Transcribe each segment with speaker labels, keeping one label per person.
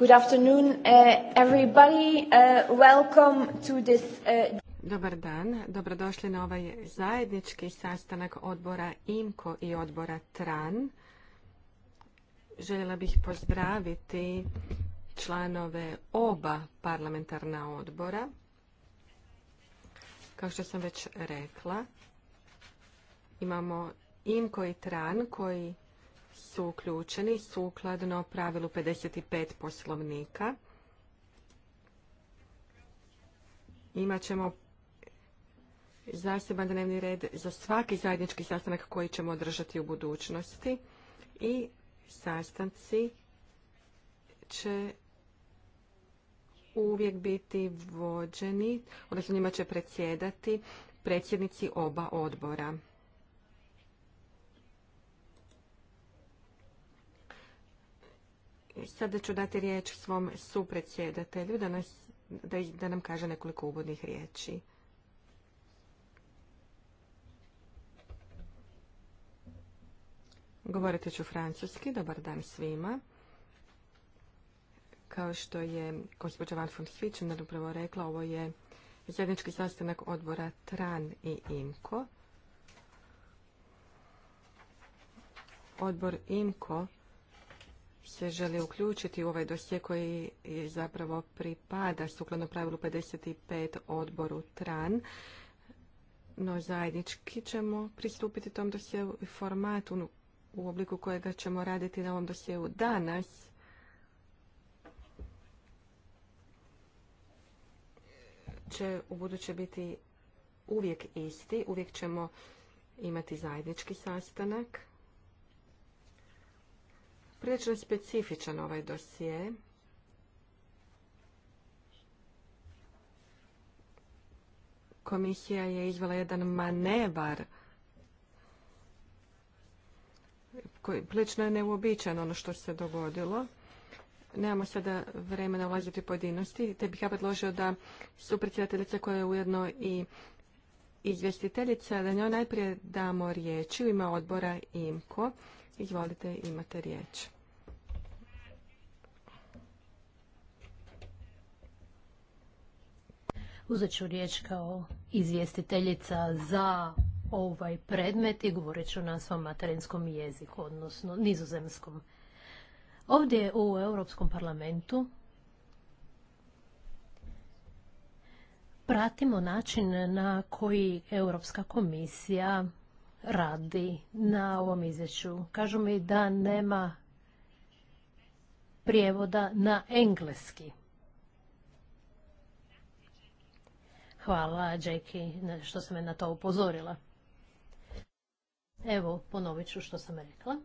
Speaker 1: Good afternoon, uh, everybody. Uh, welcome to this... Uh,
Speaker 2: Dobar dan, dobrodošli na ovaj zajednički sastanak odbora IMKO i odbora TRAN. Željela bih pozdraviti članove oba parlamentarna odbora. Kao što sam već rekla, imamo IMKO i TRAN koji su uključeni sukladno pravilu 55 poslovnika. Imaćemo zaseban dnevni red za svaki zajednički sastanak koji ćemo održati u budućnosti i sastanci će uvijek biti vođeni, odnosno njima će predsjedati predsjednici oba odbora. Sada ću dati riječ svom supredsjedatelju da, nam kaže nekoliko uvodnih riječi. Govorit ću francuski. Dobar dan svima. Kao što je gospođa Van von na upravo rekla, ovo je zajednički sastanak odbora TRAN i IMKO. Odbor IMKO se želi uključiti u ovaj dosje koji zapravo pripada sukladno pravilu 55 odboru TRAN. No zajednički ćemo pristupiti tom dosjeu i formatu u obliku kojega ćemo raditi na ovom dosjeu danas. će u buduće biti uvijek isti. Uvijek ćemo imati zajednički sastanak. Prilično je specifičan ovaj dosije. Komisija je izvela jedan manevar koji prilično je neuobičajan ono što se dogodilo. Nemamo sada vremena ulaziti u pojedinosti, te bih ja predložio da su predsjedateljica koja je ujedno i izvjestiteljica, da njoj najprije damo riječi u ime odbora IMKO, Izvolite, imate riječ.
Speaker 3: Uzet ću riječ kao izvjestiteljica za ovaj predmet i govorit ću na svom materinskom jeziku, odnosno nizozemskom. Ovdje u Europskom parlamentu pratimo način na koji Europska komisija radi na ovom izvješću. Kažu mi da nema prijevoda na engleski. Hvala, Jackie, što sam me na to upozorila. Evo, ponovit ću što sam rekla.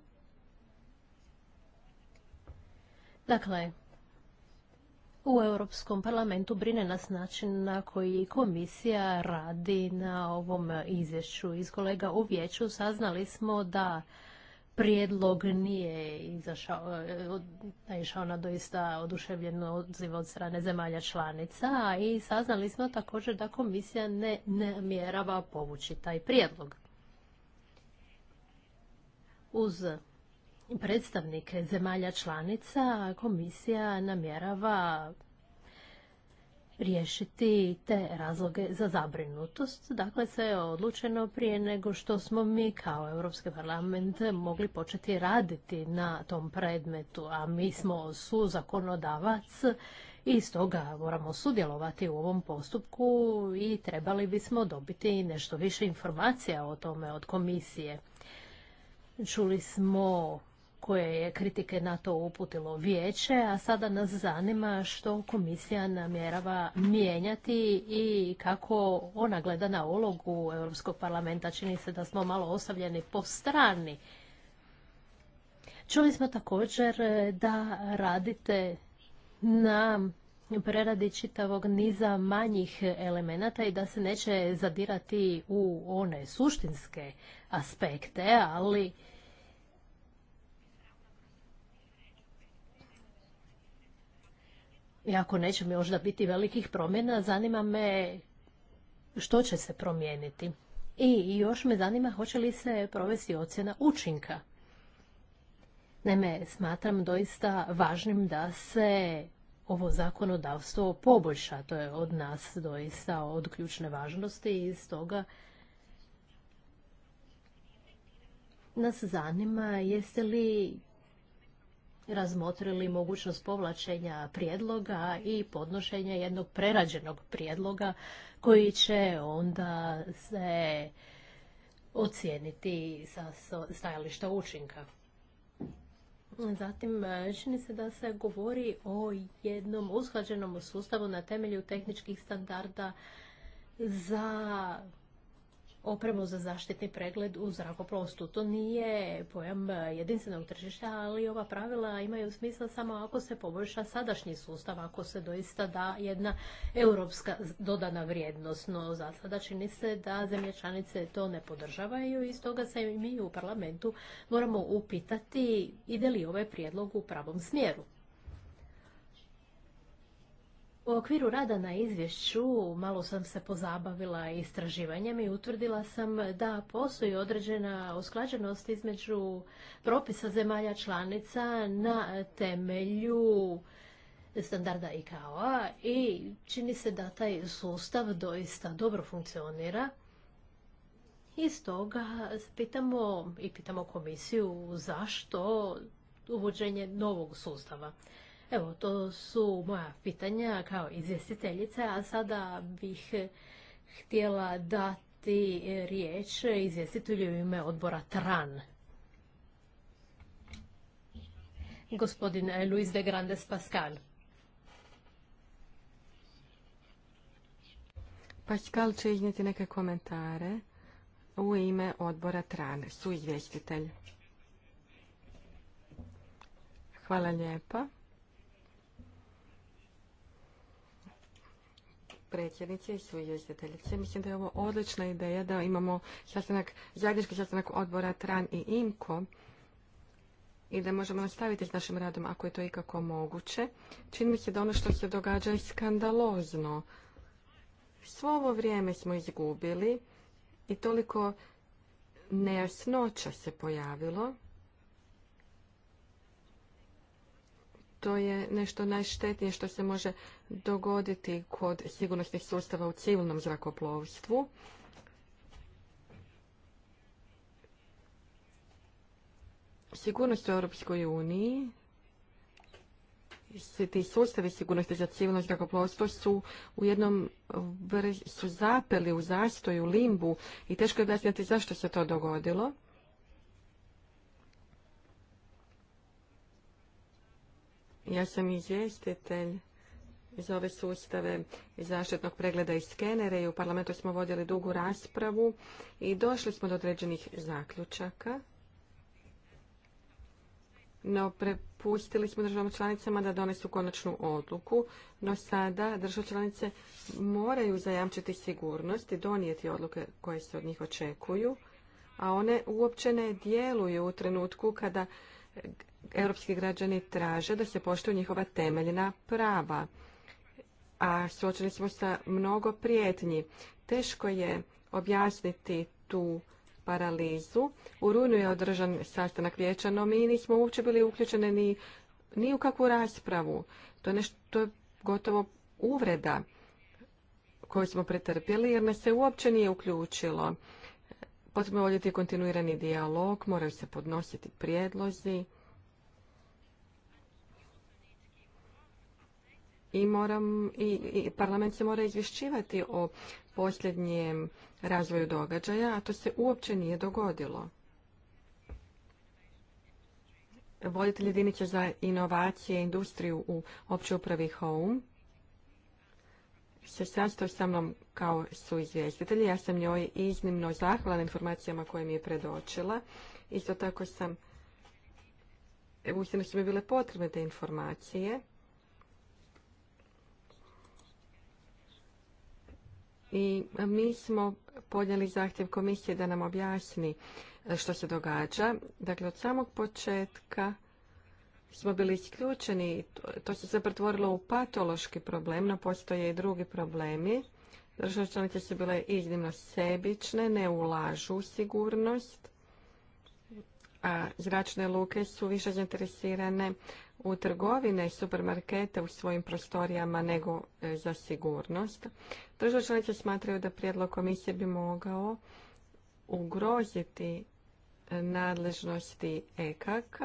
Speaker 3: Dakle, u Europskom parlamentu brine nas način na koji komisija radi na ovom izvješću. Iz kolega u vijeću saznali smo da prijedlog nije izašao, naišao na doista oduševljen odziv od strane zemalja članica i saznali smo također da komisija ne namjerava povući taj prijedlog. Uz predstavnike zemalja članica komisija namjerava riješiti te razloge za zabrinutost. Dakle, sve je odlučeno prije nego što smo mi kao Europski parlament mogli početi raditi na tom predmetu, a mi smo su zakonodavac i stoga moramo sudjelovati u ovom postupku i trebali bismo dobiti nešto više informacija o tome od komisije. Čuli smo koje je kritike na to uputilo vijeće, a sada nas zanima što komisija namjerava mijenjati i kako ona gleda na ulogu Europskog parlamenta. Čini se da smo malo ostavljeni po strani. Čuli smo također da radite na preradi čitavog niza manjih elemenata i da se neće zadirati u one suštinske aspekte, ali Iako neće možda biti velikih promjena, zanima me što će se promijeniti. I još me zanima hoće li se provesti ocjena učinka. Naime, smatram doista važnim da se ovo zakonodavstvo poboljša. To je od nas doista od ključne važnosti i stoga nas zanima jeste li razmotrili mogućnost povlačenja prijedloga i podnošenja jednog prerađenog prijedloga koji će onda se ocijeniti sa stajališta učinka. Zatim, e, čini se da se govori o jednom usklađenom sustavu na temelju tehničkih standarda za opremu za zaštitni pregled u zrakoplovstvu. To nije pojam jedinstvenog tržišta, ali ova pravila imaju smisla samo ako se poboljša sadašnji sustav, ako se doista da jedna europska dodana vrijednost. No za sada čini se da zemlje članice to ne podržavaju i stoga se mi u parlamentu moramo upitati ide li ovaj prijedlog u pravom smjeru. U okviru rada na izvješću malo sam se pozabavila istraživanjem i utvrdila sam da postoji određena usklađenost između propisa zemalja članica na temelju standarda ICAO-a i čini se da taj sustav doista dobro funkcionira. I stoga pitamo i pitamo komisiju zašto uvođenje novog sustava. Evo, to su moja pitanja kao izvjestiteljice, a sada bih eh, htjela dati eh, riječ izvjestitelju ime odbora TRAN. Gospodin eh, Luis de Grandes Pascal.
Speaker 2: Pascal će iznijeti neke komentare u ime odbora TRAN, su izvjestitelj. Hvala lijepa. predsjednice i svoje izvjestiteljice. Mislim da je ovo odlična ideja da imamo sastanak, zajednički sastanak odbora TRAN i IMKO i da možemo nastaviti s našim radom ako je to ikako moguće. Čini mi se da ono što se događa je skandalozno. Svo ovo vrijeme smo izgubili i toliko nejasnoća se pojavilo. to je nešto najštetnije što se može dogoditi kod sigurnosnih sustava u civilnom zrakoplovstvu. Sigurnost u Europskoj uniji ti sustavi sigurnosti za civilno zrakoplovstvo su u jednom su zapeli u zastoju, limbu i teško je objasniti zašto se to dogodilo. Ja sam izvjestitelj iz ove sustave zaštitnog pregleda i skenere i u parlamentu smo vodili dugu raspravu i došli smo do određenih zaključaka. No, prepustili smo državama članicama da donesu konačnu odluku, no sada države članice moraju zajamčiti sigurnost i donijeti odluke koje se od njih očekuju, a one uopće ne djeluju u trenutku kada europski građani traže da se poštuju njihova temeljna prava, a suočili smo sa mnogo prijetnji. Teško je objasniti tu paralizu. U rujnu je održan sastanak vijeća, no mi nismo uopće bili uključeni ni, ni u kakvu raspravu. To je nešto je gotovo uvreda koju smo pretrpjeli jer nas se uopće nije uključilo. Potrebno je voditi kontinuirani dijalog, moraju se podnositi prijedlozi. i, moram, i, parlament se mora izvješćivati o posljednjem razvoju događaja, a to se uopće nije dogodilo. Voditelj jedinice za inovacije i industriju u općoj upravi Home se sastao sa mnom kao su izvjestitelji. Ja sam njoj iznimno zahvala informacijama koje mi je predočila. Isto tako sam, uistinu su mi bile potrebne te informacije. i mi smo podnijeli zahtjev komisije da nam objasni e, što se događa. Dakle, od samog početka smo bili isključeni, to se se pretvorilo u patološki problem, no postoje i drugi problemi. Države članice su bile iznimno sebične, ne ulažu u sigurnost, a zračne luke su više zainteresirane u trgovine i supermarkete u svojim prostorijama nego e, za sigurnost. Države članice smatraju da prijedlog komisije bi mogao ugroziti e, nadležnosti EKK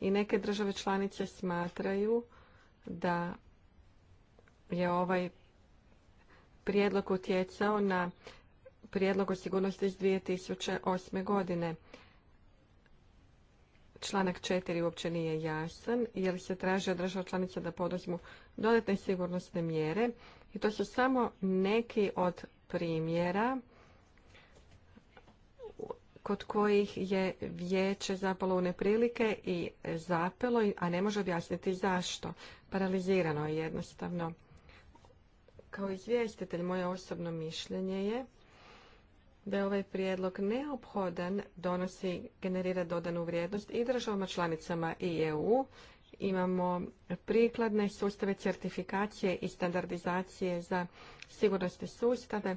Speaker 2: i neke države članice smatraju da je ovaj prijedlog utjecao na prijedlog o sigurnosti iz 2008. godine članak 4 uopće nije jasan, jer se traži od država članica da poduzmu dodatne sigurnosne mjere. I to su samo neki od primjera kod kojih je vijeće zapalo u neprilike i zapelo, a ne može objasniti zašto. Paralizirano je jednostavno. Kao izvjestitelj, moje osobno mišljenje je da je ovaj prijedlog neophodan, donosi, generira dodanu vrijednost i državama članicama i EU. Imamo prikladne sustave certifikacije i standardizacije za sigurnosne sustave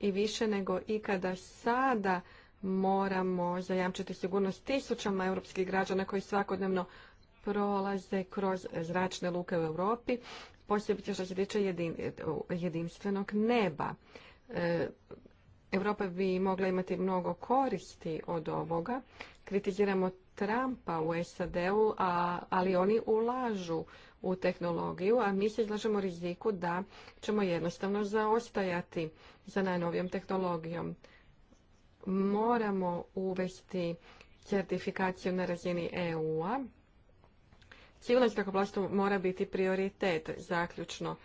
Speaker 2: i više nego ikada sada moramo zajamčiti sigurnost tisućama europskih građana koji svakodnevno prolaze kroz zračne luke u Europi, posebice što se tiče jedinstvenog neba. E, Europa bi mogla imati mnogo koristi od ovoga. Kritiziramo Trumpa u SAD-u, ali oni ulažu u tehnologiju, a mi se izlažemo riziku da ćemo jednostavno zaostajati za najnovijom tehnologijom. Moramo uvesti certifikaciju na razini EU-a. Civilno zrakoplovstvo mora biti prioritet, zaključno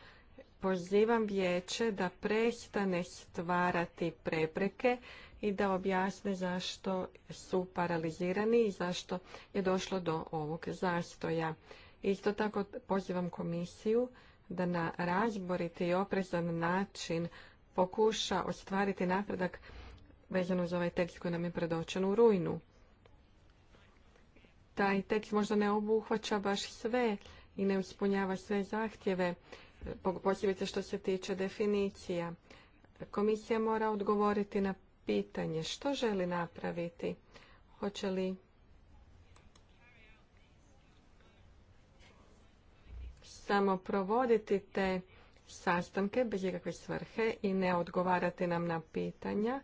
Speaker 2: pozivam vijeće da prestane stvarati prepreke i da objasne zašto su paralizirani i zašto je došlo do ovog zastoja. Isto tako pozivam komisiju da na razboriti i oprezan način pokuša ostvariti napredak vezano za ovaj tekst koji nam je predočen u rujnu. Taj tekst možda ne obuhvaća baš sve i ne uspunjava sve zahtjeve, posebice što se tiče definicija. Komisija mora odgovoriti na pitanje što želi napraviti. Hoće li samo provoditi te sastanke bez ikakve svrhe i ne odgovarati nam na pitanja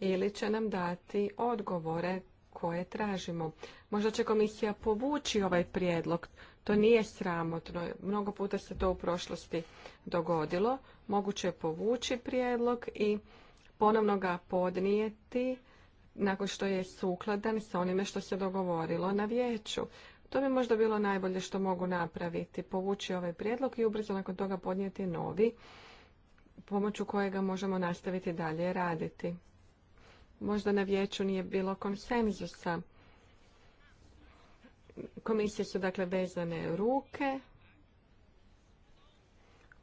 Speaker 2: ili će nam dati odgovore koje tražimo. Možda će komisija povući ovaj prijedlog. To nije sramotno. Mnogo puta se to u prošlosti dogodilo. Moguće je povući prijedlog i ponovno ga podnijeti nakon što je sukladan sa onime što se dogovorilo na vijeću. To bi možda bilo najbolje što mogu napraviti, povući ovaj prijedlog i ubrzo nakon toga podnijeti novi, pomoću kojega možemo nastaviti dalje raditi. Možda na vijeću nije bilo konsenzusa komisije su dakle vezane ruke.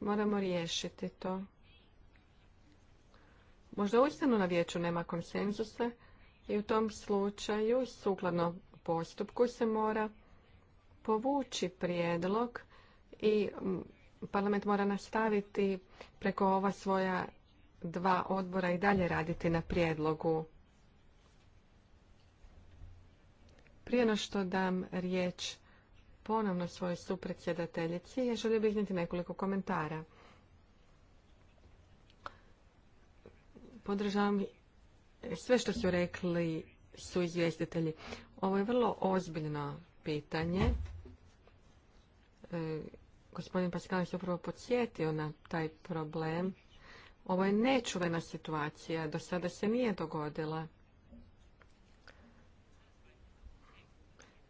Speaker 2: Moramo riješiti to. Možda uistinu na vijeću nema konsenzusa i u tom slučaju sukladno postupku se mora povući prijedlog i mm, parlament mora nastaviti preko ova svoja dva odbora i dalje raditi na prijedlogu Prije nego što dam riječ ponovno svojoj supredsjedateljici, ja želio bih iznijeti nekoliko komentara. Podržavam sve što su rekli su izvjestitelji. Ovo je vrlo ozbiljno pitanje. E, gospodin je se upravo podsjetio na taj problem. Ovo je nečuvena situacija, do sada se nije dogodila.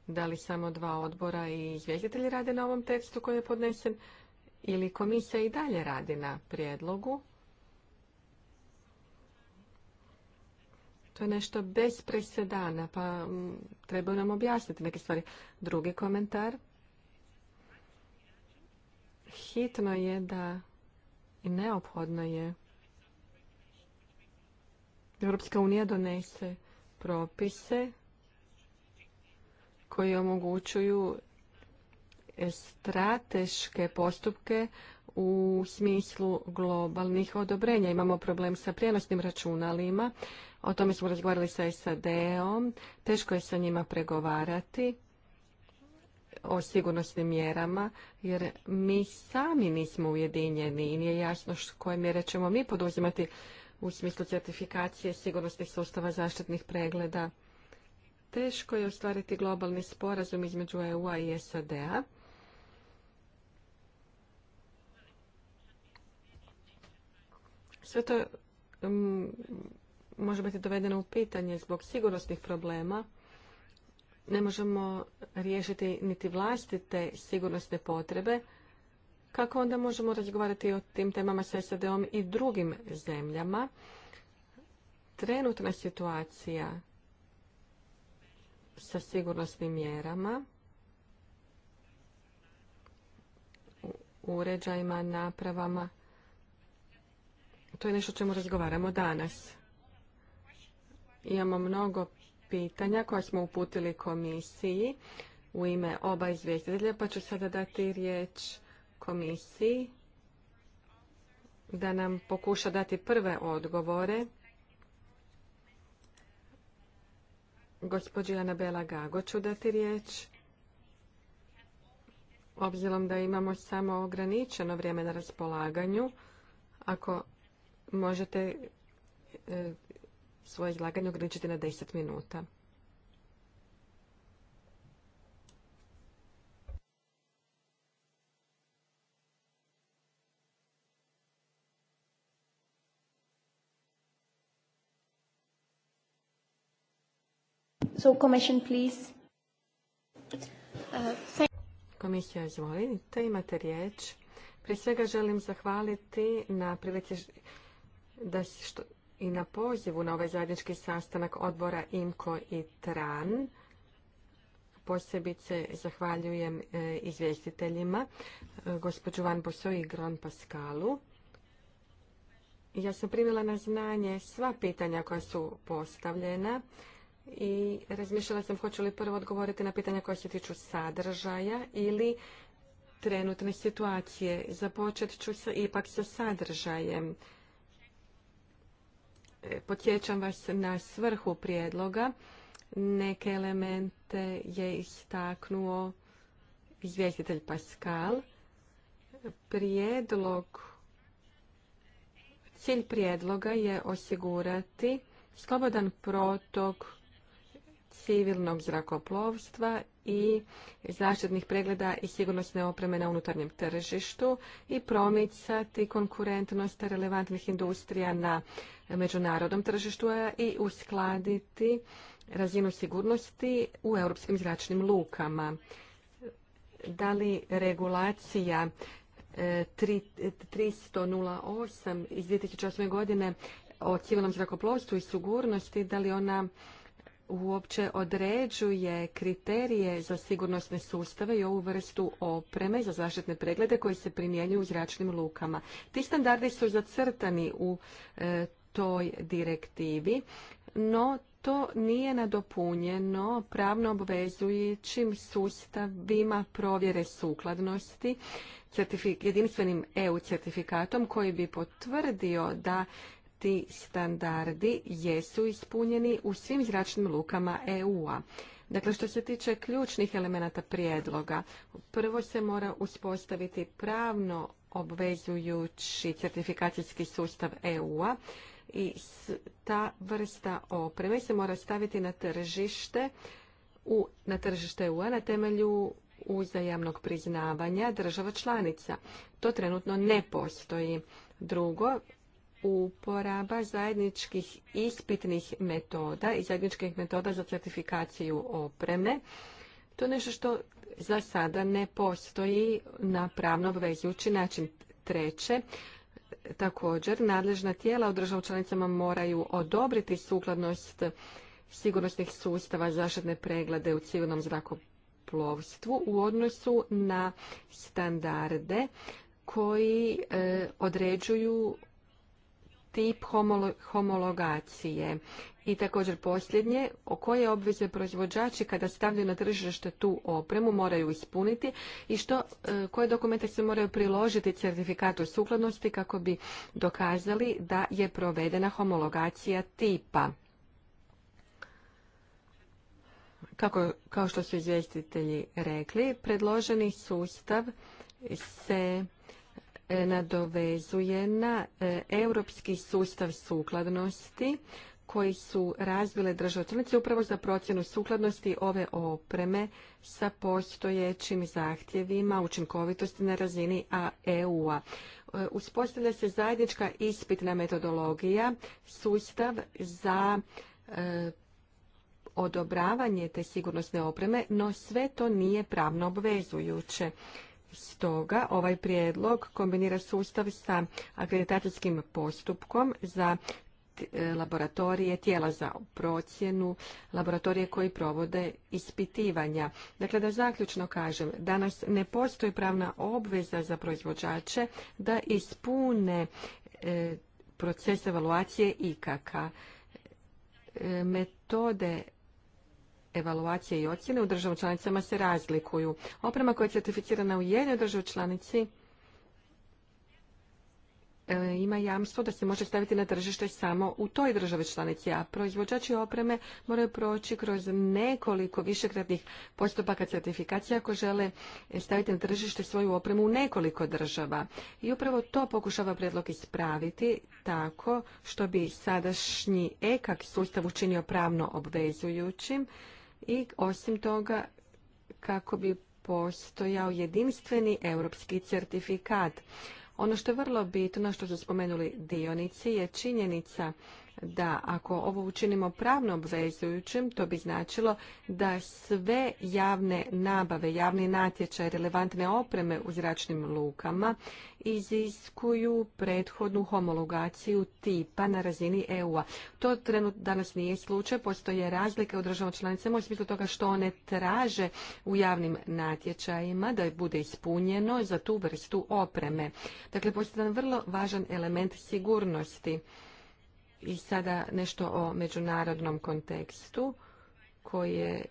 Speaker 2: Da li samo dva odbora i izvjestitelji rade na ovom tekstu koji je podnesen ili komisija i dalje radi na prijedlogu? To je nešto bez presedana, pa mm, treba nam objasniti neke stvari. Drugi komentar. Hitno je da i neophodno je Europska unija donese propise koji omogućuju strateške postupke u smislu globalnih odobrenja. Imamo problem sa prijenosnim računalima, o tome smo razgovarali sa SAD-om, teško je sa njima pregovarati o sigurnosnim mjerama, jer mi sami nismo ujedinjeni i nije jasno koje mjere ćemo mi poduzimati u smislu certifikacije sigurnosnih sustava zaštitnih pregleda Teško je ostvariti globalni sporazum između EU-a i SAD-a. Sve to mm, može biti dovedeno u pitanje zbog sigurnosnih problema. Ne možemo riješiti niti vlastite sigurnosne potrebe. Kako onda možemo razgovarati o tim temama sa SAD-om i drugim zemljama? Trenutna situacija sa sigurnosnim mjerama, uređajima, napravama. To je nešto o čemu razgovaramo danas. Imamo mnogo pitanja koja smo uputili komisiji u ime oba izvjestitelja, pa ću sada dati riječ komisiji da nam pokuša dati prve odgovore Gospođi Anabela Gago ću dati riječ. Obzirom da imamo samo ograničeno vrijeme na raspolaganju, ako možete e, svoje izlaganje ograničiti na 10 minuta.
Speaker 3: So commission please.
Speaker 2: Uh, Komisija, izvolite, imate riječ. Prije svega želim zahvaliti na prilike da što, i na pozivu na ovaj zajednički sastanak odbora IMKO i TRAN. Posebice zahvaljujem e, izvjestiteljima, e, gospođu Van Boso i Gron Paskalu. Ja sam primila na znanje sva pitanja koja su postavljena i razmišljala sam hoću li prvo odgovoriti na pitanja koja se tiču sadržaja ili trenutne situacije. Započet ću se ipak sa sadržajem. E, Podsjećam vas na svrhu prijedloga. Neke elemente je istaknuo izvjestitelj Pascal. Prijedlog, cilj prijedloga je osigurati slobodan protok civilnog zrakoplovstva i zaštitnih pregleda i sigurnosne opreme na unutarnjem tržištu i promicati konkurentnost relevantnih industrija na međunarodnom tržištu i uskladiti razinu sigurnosti u europskim zračnim lukama. Da li regulacija 308 e, iz 2008. godine o civilnom zrakoplovstvu i sigurnosti, da li ona uopće određuje kriterije za sigurnosne sustave i ovu vrstu opreme za zaštitne preglede koji se primjenjuju u zračnim lukama. Ti standardi su zacrtani u e, toj direktivi, no to nije nadopunjeno pravno obvezujućim sustavima provjere sukladnosti jedinstvenim EU certifikatom koji bi potvrdio da ti standardi jesu ispunjeni u svim zračnim lukama EU-a. Dakle, što se tiče ključnih elemenata prijedloga, prvo se mora uspostaviti pravno obvezujući certifikacijski sustav EU-a i ta vrsta opreme se mora staviti na tržište u, na tržište EU-a na temelju uzajamnog priznavanja država članica. To trenutno ne postoji. Drugo, uporaba zajedničkih ispitnih metoda i zajedničkih metoda za certifikaciju opreme. To je nešto što za sada ne postoji na pravno obvezujući način. Treće, također, nadležna tijela u državu članicama moraju odobriti sukladnost sigurnosnih sustava zaštitne preglede u civilnom zrakoplovstvu u odnosu na standarde koji e, određuju tip homologacije. I također posljednje, o koje obveze proizvođači kada stavljaju na tržište tu opremu moraju ispuniti i što, e, koje dokumente se moraju priložiti certifikatu sukladnosti kako bi dokazali da je provedena homologacija tipa. Kako, kao što su izvjestitelji rekli, predloženi sustav se E, nadovezuje na e, europski sustav sukladnosti koji su razvile države članice upravo za procjenu sukladnosti ove opreme sa postojećim zahtjevima učinkovitosti na razini EU-a. E, uspostavlja se zajednička ispitna metodologija, sustav za odobravanje te sigurnosne opreme, no sve to nije pravno obvezujuće. Stoga ovaj prijedlog kombinira sustav sa akreditacijskim postupkom za e, laboratorije, tijela za procjenu, laboratorije koji provode ispitivanja. Dakle, da zaključno kažem, danas ne postoji pravna obveza za proizvođače da ispune e, proces evaluacije IKK. E, metode evaluacije i ocjene u državu članicama se razlikuju. Oprema koja je certificirana u jednoj državi članici e, ima jamstvo da se može staviti na tržište samo u toj državi članici, a proizvođači opreme moraju proći kroz nekoliko višekratnih postupaka certifikacije ako žele staviti na tržište svoju opremu u nekoliko država. I upravo to pokušava prijedlog ispraviti tako što bi sadašnji EKAK sustav učinio pravno obvezujućim i osim toga kako bi postojao jedinstveni europski certifikat. Ono što je vrlo bitno, što su spomenuli dionici, je činjenica da ako ovo učinimo pravno obvezujućim, to bi značilo da sve javne nabave, javni natječaj, relevantne opreme u zračnim lukama iziskuju prethodnu homologaciju tipa na razini EU-a. To trenutno danas nije slučaj, postoje razlike u državama članicama u smislu toga što one traže u javnim natječajima da bude ispunjeno za tu vrstu opreme. Dakle, postoji jedan vrlo važan element sigurnosti. I sada nešto o međunarodnom kontekstu koje,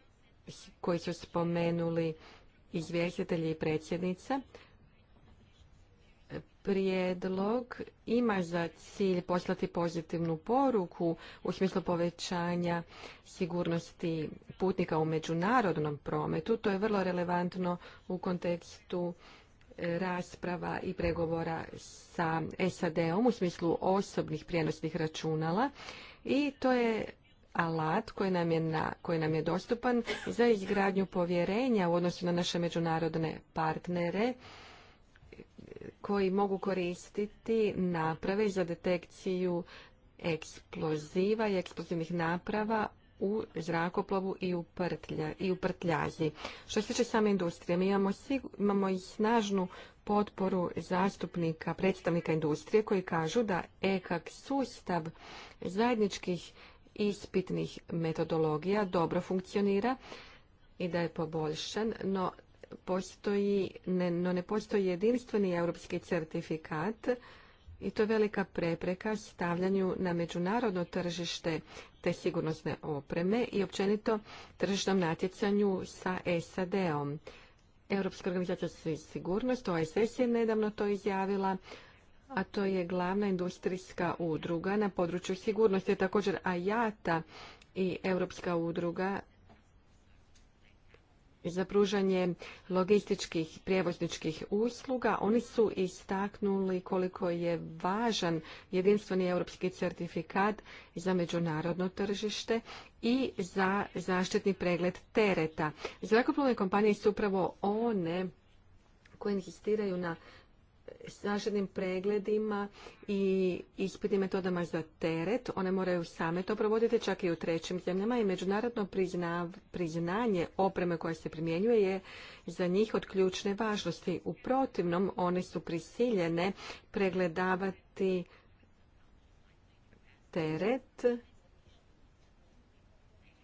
Speaker 2: koji su spomenuli izvjestitelji i predsjednica. Prijedlog ima za cilj poslati pozitivnu poruku u smislu povećanja sigurnosti putnika u međunarodnom prometu. To je vrlo relevantno u kontekstu rasprava i pregovora sa SAD-om u smislu osobnih prijenosnih računala i to je alat koji nam je, na, koji nam je dostupan za izgradnju povjerenja u odnosu na naše međunarodne partnere koji mogu koristiti naprave za detekciju eksploziva i eksplozivnih naprava u zrakoplovu i u, i u prtljazi. Što se tiče same industrije, mi imamo, i snažnu potporu zastupnika, predstavnika industrije koji kažu da EKAK sustav zajedničkih ispitnih metodologija dobro funkcionira i da je poboljšan, no postoji, ne, no ne postoji jedinstveni europski certifikat i to je velika prepreka stavljanju na međunarodno tržište te sigurnosne opreme i općenito tržišnom natjecanju sa SAD-om. Europska organizacija za sigurnost, OSS je nedavno to izjavila, a to je glavna industrijska udruga na području sigurnosti. Također Ajata i Europska udruga za pružanje logističkih prijevozničkih usluga. Oni su istaknuli koliko je važan jedinstveni europski certifikat za međunarodno tržište i za zaštitni pregled tereta. Zrakoplovne kompanije su upravo one koje insistiraju na snaženim pregledima i ispitnim metodama za teret. One moraju same to provoditi, čak i u trećim zemljama i međunarodno priznanje opreme koja se primjenjuje je za njih od ključne važnosti. U protivnom, one su prisiljene pregledavati teret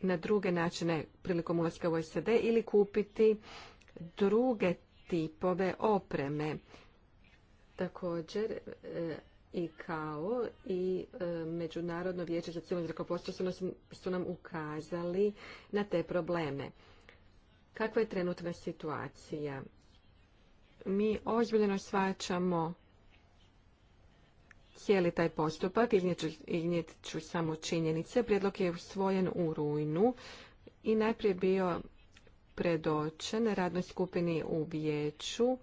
Speaker 2: na druge načine prilikom ulaska u SAD ili kupiti druge tipove opreme. Također, e, i kao i e, Međunarodno vijeće za civilno zrakoplovstvo su, nam ukazali na te probleme. Kakva je trenutna situacija? Mi ozbiljno shvaćamo cijeli taj postupak, iznijet ću samo činjenice. Prijedlog je usvojen u rujnu i najprije bio predočen radnoj skupini u vijeću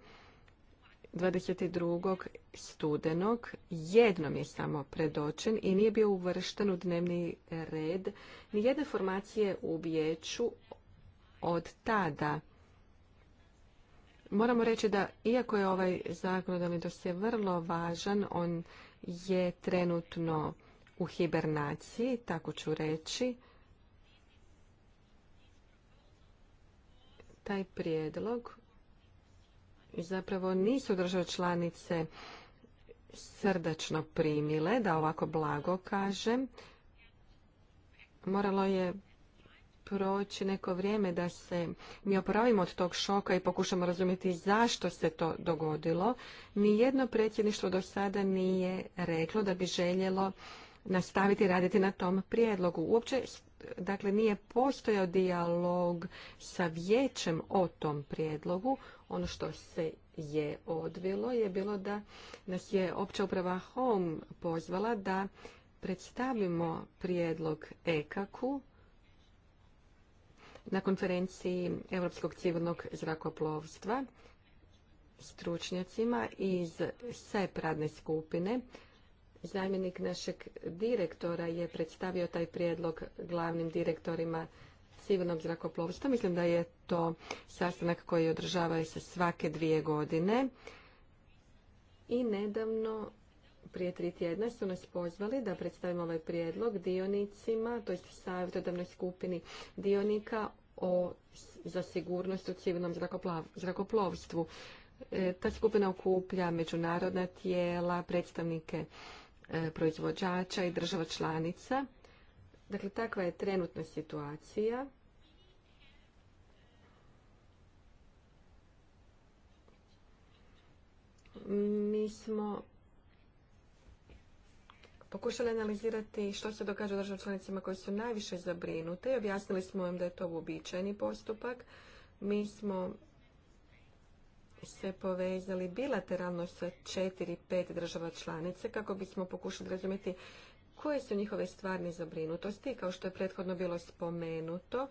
Speaker 2: 22. studenog jednom je samo predočen i nije bio uvršten u dnevni red ni jedne formacije u vijeću od tada. Moramo reći da iako je ovaj zakonodavni je vrlo važan, on je trenutno u hibernaciji, tako ću reći. Taj prijedlog zapravo nisu države članice srdačno primile, da ovako blago kažem. Moralo je proći neko vrijeme da se mi opravimo od tog šoka i pokušamo razumjeti zašto se to dogodilo. Nijedno predsjedništvo do sada nije reklo da bi željelo nastaviti raditi na tom prijedlogu. Uopće dakle nije postojao dijalog sa vijećem o tom prijedlogu. Ono što se je odvilo je bilo da nas je opća uprava Home pozvala da predstavimo prijedlog EKAKU na konferenciji Europskog civilnog zrakoplovstva stručnjacima iz SEP radne skupine Zamjenik našeg direktora je predstavio taj prijedlog glavnim direktorima civilnog zrakoplovstva. Mislim da je to sastanak koji održavaju se svake dvije godine. I nedavno, prije tri tjedna, su nas pozvali da predstavimo ovaj prijedlog dionicima, to je savjetodavnoj skupini dionika o, za sigurnost u civilnom zrakoplovstvu. E, ta skupina okuplja međunarodna tijela, predstavnike E, proizvođača i država članica. Dakle, takva je trenutna situacija. Mi smo pokušali analizirati što se događa u državnim članicama koje su najviše zabrinute i objasnili smo im da je to uobičajeni postupak. Mi smo se povezali bilateralno sa četiri, pet država članice kako bismo pokušali razumjeti koje su njihove stvarne zabrinutosti, kao što je prethodno bilo spomenuto.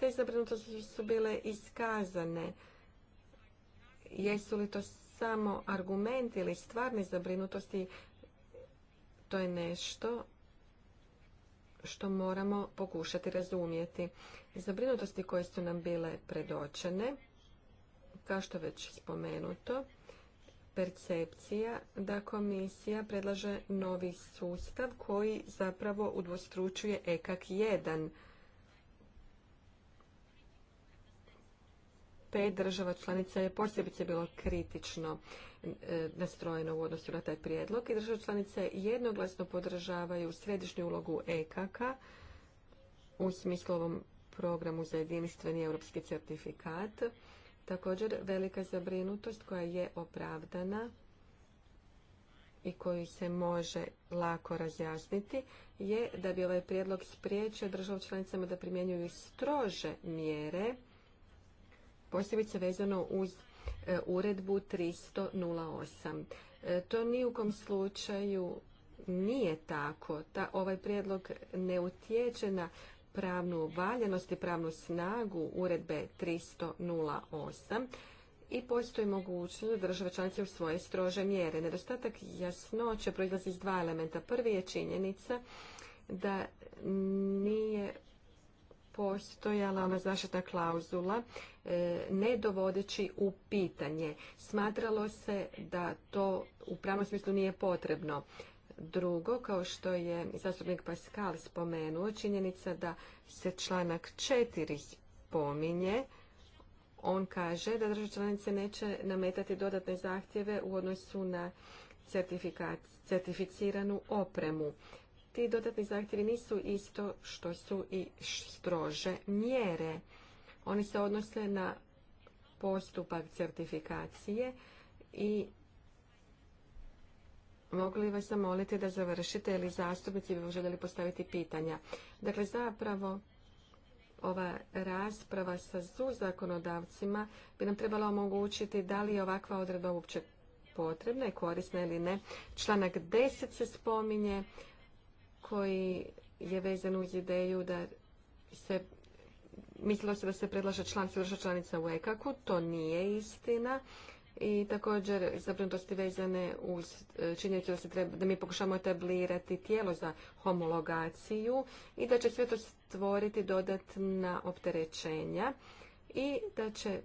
Speaker 2: Te zabrinutosti su bile iskazane. Jesu li to samo argumenti ili stvarne zabrinutosti, to je nešto što moramo pokušati razumjeti. Zabrinutosti koje su nam bile predočene kao što već spomenuto, percepcija da komisija predlaže novi sustav koji zapravo udvostručuje EKAK 1. Pet država članica je posebice bilo kritično e, nastrojeno u odnosu na taj prijedlog i država članice jednoglasno podržavaju središnju ulogu ekak u smislu ovom programu za jedinstveni europski certifikat Također velika zabrinutost koja je opravdana i koju se može lako razjasniti je da bi ovaj prijedlog spriječio državu članicama da primjenjuju strože mjere, posebice vezano uz e, uredbu 308. E, to ni u kom slučaju nije tako. Ta, ovaj prijedlog ne utječe na pravnu valjanost i pravnu snagu uredbe 308 i postoji mogućnost da države članice u svoje strože mjere. Nedostatak jasnoće proizlazi iz dva elementa. Prvi je činjenica da nije postojala ona zaštitna klauzula e, ne dovodeći u pitanje. Smatralo se da to u pravnom smislu nije potrebno. Drugo, kao što je zastupnik Pascal spomenuo, činjenica da se članak četiri spominje, on kaže da države članice neće nametati dodatne zahtjeve u odnosu na certificiranu opremu. Ti dodatni zahtjevi nisu isto što su i strože mjere. Oni se odnose na postupak certifikacije i Mogu li vas zamoliti da završite ili zastupnici bi željeli postaviti pitanja? Dakle, zapravo ova rasprava sa zakonodavcima bi nam trebala omogućiti da li je ovakva odredba uopće potrebna i korisna ili ne. Članak 10 se spominje koji je vezan uz ideju da se mislilo se da se predlaže član članica u ekaku To nije istina i također zabrinutosti vezane uz e, činjenicu da, se da mi pokušamo etablirati tijelo za homologaciju i da će sve to stvoriti dodatna opterećenja i da će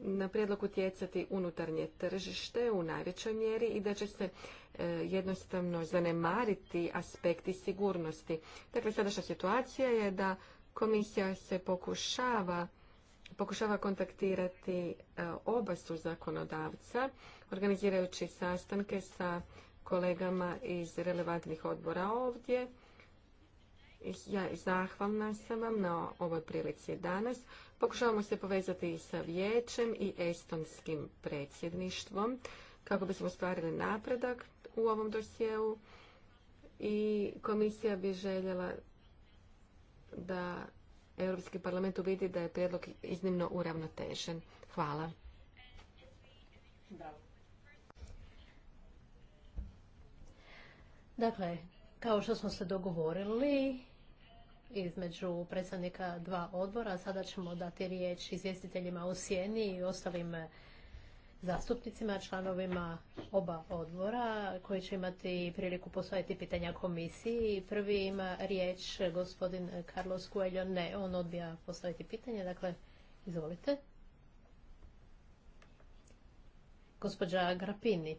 Speaker 2: na prijedlog utjecati unutarnje tržište u najvećoj mjeri i da će se e, jednostavno zanemariti aspekti sigurnosti. Dakle, sadašnja situacija je da komisija se pokušava pokušava kontaktirati e, oba su zakonodavca, organizirajući sastanke sa kolegama iz relevantnih odbora ovdje. Ja zahvalna sam vam na ovoj prilici danas. Pokušavamo se povezati i sa vijećem i estonskim predsjedništvom kako bismo ostvarili napredak u ovom dosjeu i komisija bi željela da Europski parlament uvidi da je prijedlog iznimno uravnotežen. Hvala.
Speaker 3: Dakle, kao što smo se dogovorili između predstavnika dva odbora, sada ćemo dati riječ izvjestiteljima u sjeni i ostalim zastupnicima, članovima oba odbora koji će imati priliku postaviti pitanja komisiji. Prvi ima riječ gospodin Carlos Coelho. Ne, on odbija postaviti pitanje. Dakle, izvolite. Gospođa Grapini.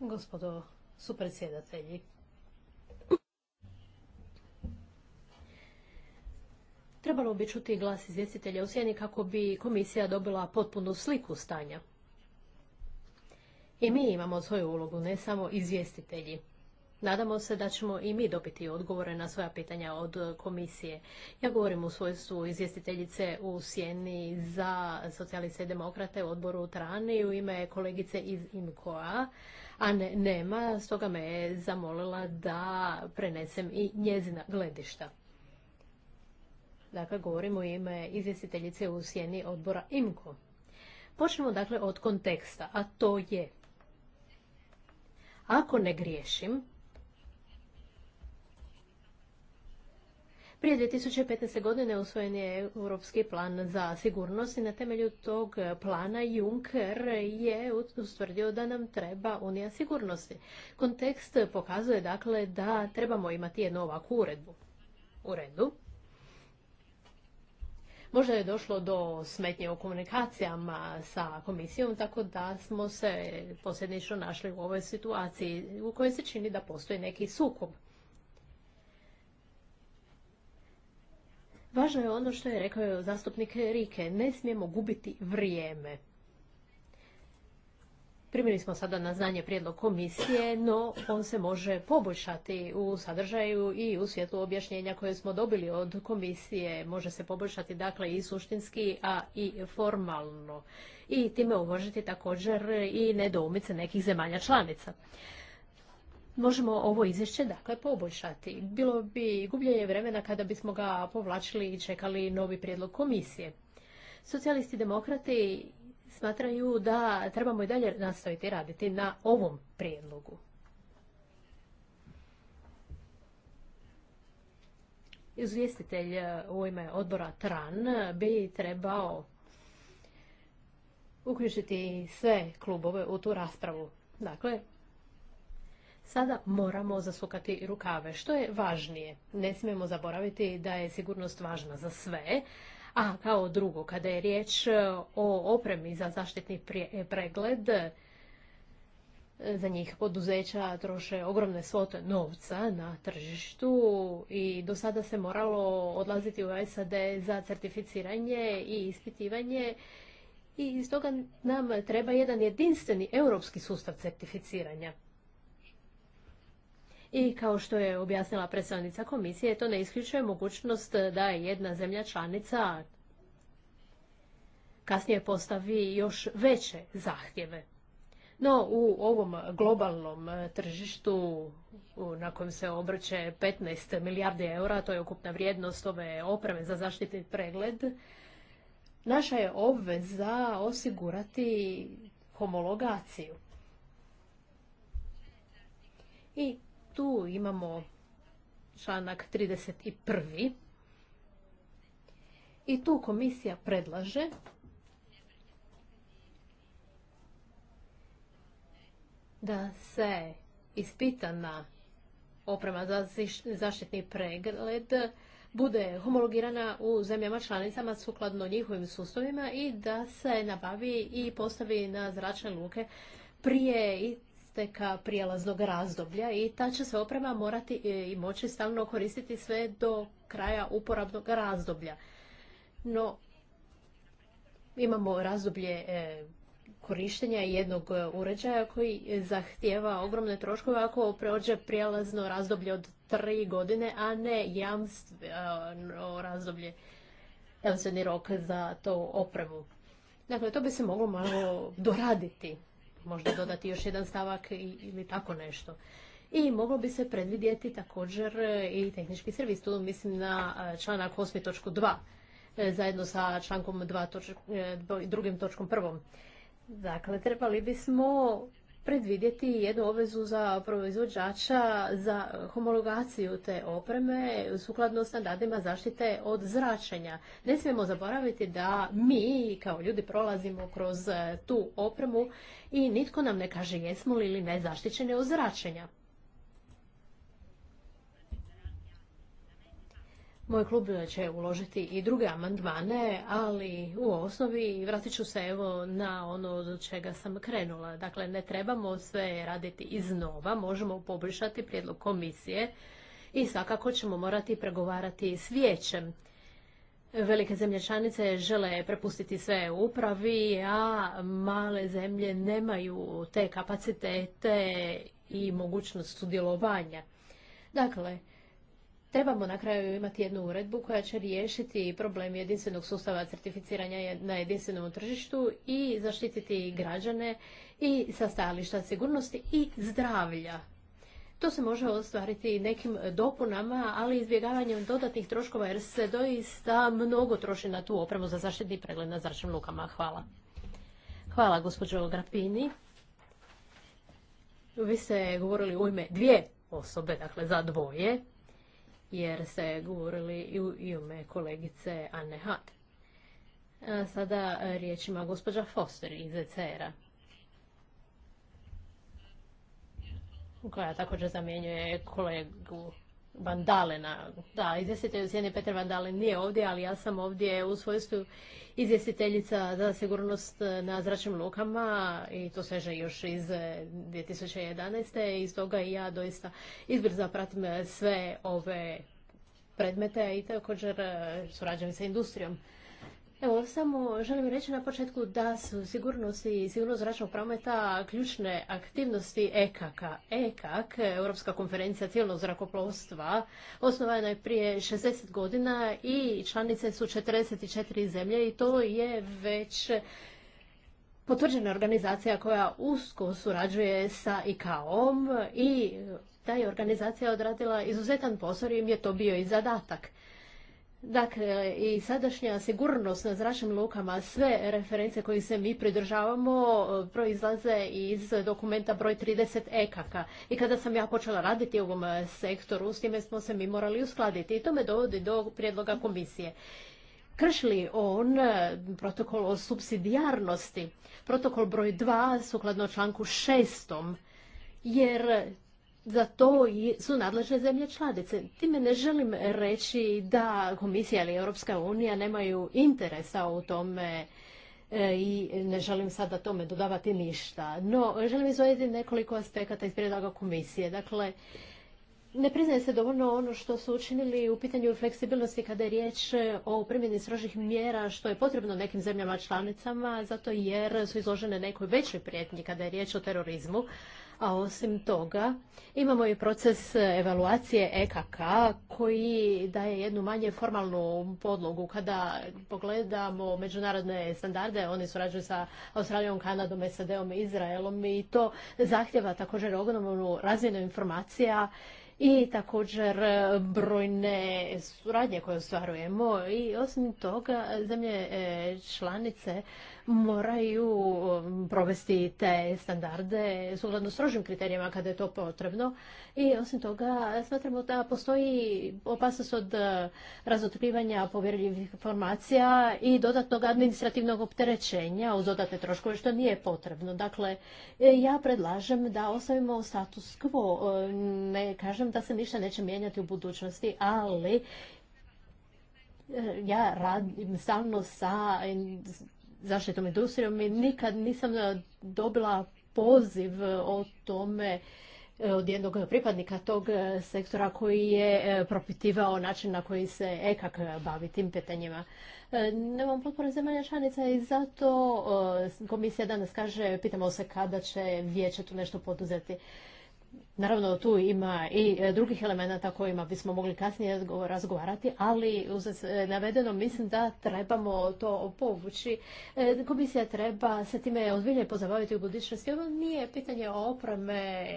Speaker 3: Gospodo predsjedatelji. Trebalo bi čuti glas izvjestitelja u sjeni kako bi komisija dobila potpunu sliku stanja. I mi imamo svoju ulogu, ne samo izvjestitelji. Nadamo se da ćemo i mi dobiti odgovore na svoja pitanja od komisije. Ja govorim u svojstvu izvjestiteljice u Sjeni za socijaliste i demokrate u odboru Trani u ime kolegice iz IMKOA, a ne, nema, stoga me je zamolila da prenesem i njezina gledišta. Dakle, govorim u ime izvjestiteljice u sjeni odbora IMKO. Počnemo dakle od konteksta, a to je ako ne griješim, Prije 2015. godine usvojen je Europski plan za sigurnost i na temelju tog plana Juncker je ustvrdio da nam treba Unija sigurnosti. Kontekst pokazuje dakle da trebamo imati jednu ovakvu uredbu. U redu. Možda je došlo do smetnje u komunikacijama sa komisijom, tako da smo se posljednično našli u ovoj situaciji u kojoj se čini da postoji neki sukob. Važno je ono što je rekao zastupnik Rike, ne smijemo gubiti vrijeme. Primili smo sada na znanje prijedlog komisije, no on se može poboljšati u sadržaju i u svjetlu objašnjenja koje smo dobili od komisije. Može se poboljšati dakle i suštinski, a i formalno. I time uvažiti također i nedoumice nekih zemalja članica. Možemo ovo izvješće dakle poboljšati. Bilo bi gubljenje vremena kada bismo ga povlačili i čekali novi prijedlog komisije. Socijalisti demokrati smatraju da trebamo i dalje nastaviti raditi na ovom prijedlogu. Izvjestitelj e, u ime odbora TRAN bi trebao uključiti sve klubove u tu raspravu. Dakle, sada moramo zasukati rukave. Što je važnije? Ne smijemo zaboraviti da je sigurnost važna za sve, a kao drugo, kada je riječ e, o opremi za zaštitni e, pregled, e, za njih poduzeća troše ogromne svote novca na tržištu i do sada se moralo odlaziti u SAD za certificiranje i ispitivanje i stoga nam treba jedan jedinstveni europski sustav certificiranja. I kao što je objasnila predstavnica komisije, to ne isključuje mogućnost da je jedna zemlja članica kasnije postavi još veće zahtjeve. No, u ovom globalnom tržištu na kojem se obrće 15 milijardi eura, to je ukupna vrijednost ove opreme za zaštitni pregled, naša je obveza osigurati homologaciju. I tu imamo članak 31. I tu komisija predlaže da se ispitana oprema za zaštitni pregled bude homologirana u zemljama članicama sukladno njihovim sustavima i da se nabavi i postavi na zračne luke prije isteka prijelaznog razdoblja i ta će se oprema morati e, i moći stalno koristiti sve do kraja uporabnog razdoblja. No, imamo razdoblje e, korištenja jednog e, uređaja koji zahtjeva ogromne troškove ako prođe prijelazno razdoblje od tri godine, a ne jamstvo razdoblje, jamstveni rok za to opremu. Dakle, to bi se moglo malo doraditi možda dodati još jedan stavak ili tako nešto. I moglo bi se predvidjeti također e, i tehnički servis, tu mislim na e, članak 8.2 e, zajedno sa člankom 2 drugim točkom prvom. Dakle, trebali bismo predvidjeti jednu obvezu za proizvođača za homologaciju te opreme sukladno standardima zaštite od zračenja. Ne smijemo zaboraviti da mi kao ljudi prolazimo kroz tu opremu i nitko nam ne kaže jesmo li ili ne zaštićeni od zračenja. Moj klub će uložiti i druge amandmane, ali u osnovi vratit ću se evo na ono od čega sam krenula. Dakle, ne trebamo sve raditi iznova, možemo poboljšati prijedlog komisije i svakako ćemo morati pregovarati s vijećem. Velike zemlje članice žele prepustiti sve upravi, a male zemlje nemaju te kapacitete i mogućnost sudjelovanja. Dakle, Trebamo na kraju imati jednu uredbu koja će riješiti problem jedinstvenog sustava certificiranja na jedinstvenom tržištu i zaštititi građane i sa stajališta sigurnosti i zdravlja. To se može ostvariti nekim dopunama, ali izbjegavanjem dodatnih troškova jer se doista mnogo troši na tu opremu za zaštitni pregled na zračnim lukama. Hvala. Hvala gospođo Grapini. Vi ste govorili u ime dvije osobe, dakle za dvoje jer ste govorili i u ime kolegice Anne Hat. E, sada riječ ima gospođa Foster iz ECR-a. koja također zamjenjuje kolegu Vandalena. Da, izvjestitelj u Petre Petar Vandalen nije ovdje, ali ja sam ovdje u svojstvu izvjestiteljica za sigurnost na zračnim lukama i to sveže još iz 2011. Eh, I toga i ja doista izbrza pratim eh, sve ove predmete i također eh, surađujem sa industrijom. Evo, samo želim reći na početku da su sigurnost i sigurnost zračnog prometa ključne aktivnosti EKK. EKAK, e Europska konferencija civilnog zrakoplovstva, osnovana je prije 60 godina i članice su 44 zemlje i to je već potvrđena organizacija koja usko surađuje sa ICAO-om i ta je organizacija odradila izuzetan posao i im je to bio i zadatak. Dakle, i sadašnja sigurnost na zračnim lukama, sve reference koje se mi pridržavamo e, proizlaze iz dokumenta broj 30 ekaka. I kada sam ja počela raditi u ovom e, sektoru, s time smo se mi morali uskladiti i to me dovodi do prijedloga komisije. Kršli on e, protokol o subsidijarnosti, protokol broj 2 sukladno članku 6 jer za to su nadležne zemlje članice. Time ne želim reći da Komisija ili Europska unija nemaju interesa u tome e, i ne želim sada tome dodavati ništa. No, želim izvojiti nekoliko aspekata iz prijedloga komisije. Dakle, ne priznaje se dovoljno ono što su učinili u pitanju fleksibilnosti kada je riječ o primjeni strožih mjera što je potrebno nekim zemljama članicama zato jer su izložene nekoj većoj prijetnji kada je riječ o terorizmu, a osim toga, imamo i proces evaluacije EKK koji daje jednu manje formalnu podlogu. Kada pogledamo međunarodne standarde, oni surađuju sa Australijom, Kanadom, SAD-om, Izraelom i to zahtjeva također ogromnu razvijenu informacija i također brojne suradnje koje ostvarujemo i osim toga zemlje e, članice moraju um, provesti te standarde sukladno strožim kriterijima kada je to potrebno. I osim toga smatramo da postoji opasnost od uh, razotkrivanja povjerljivih informacija i dodatnog administrativnog opterećenja uz dodatne troškove što nije potrebno. Dakle, ja predlažem da ostavimo status quo. Uh, ne kažem da se ništa neće mijenjati u budućnosti, ali uh, ja radim stalno sa Zaštitom industrijom i nikad nisam e, dobila poziv e, o tome e, od jednog pripadnika tog sektora koji je propitivao način na koji se EKAK bavi tim pitanjima. Nemam potpore zemalja članica i zato komisija danas kaže, pitamo se kada će vijeće tu nešto poduzeti. Naravno, tu ima i e, drugih elemenata kojima bismo mogli kasnije razgovarati, ali uz e, navedeno mislim da trebamo to povući. E, komisija treba se time ozbiljnije pozabaviti u budućnosti. Ovo nije pitanje opreme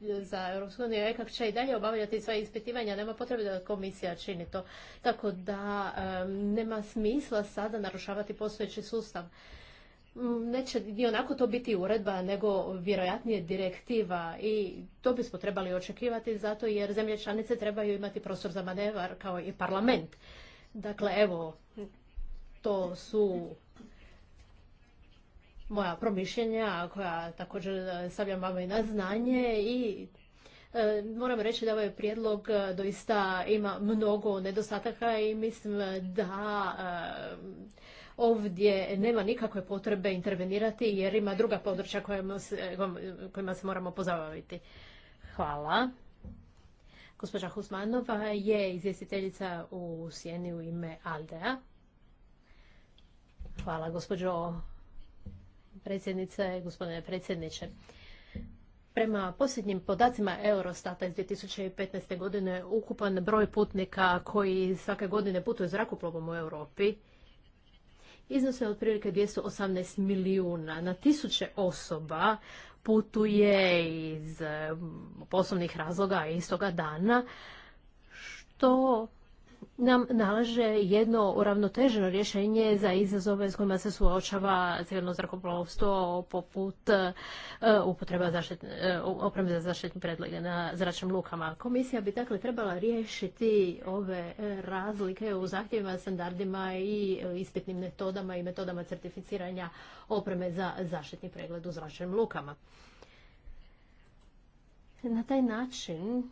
Speaker 3: za Europsku uniju. će i dalje obavljati sva ispitivanja. Nema potrebe da komisija čini to. Tako da nema smisla sada narušavati postojeći sustav. Mm, neće ni onako to biti uredba, nego vjerojatnije direktiva i to bismo trebali očekivati zato jer zemlje članice trebaju imati prostor za manevar kao i parlament. Dakle, evo, to su moja promišljenja koja također stavljam vama i na znanje i e, moram reći da ovaj prijedlog doista ima mnogo nedostataka i mislim da e, ovdje nema nikakve potrebe intervenirati jer ima druga područja kojima se, kojima se moramo pozabaviti. Hvala. Gospođa Husmanova je izvjestiteljica u Sjeni u ime Aldea. Hvala gospođo predsjednice, gospodine predsjedniče. Prema posljednjim podacima Eurostata iz 2015. godine, ukupan broj putnika koji svake godine putuje zrakoplovom u Europi iznose otprilike 218 milijuna na tisuće osoba putuje iz eh, poslovnih razloga istoga dana, što nam nalaže jedno uravnoteženo rješenje za izazove s kojima se suočava civilno zrakoplovstvo poput e, upotreba e, opreme za zaštitni pregled na zračnim lukama. Komisija bi dakle trebala riješiti ove razlike u zahtjevima, standardima i ispitnim metodama i metodama certificiranja opreme za zaštitni pregled u zračnim lukama. Na taj način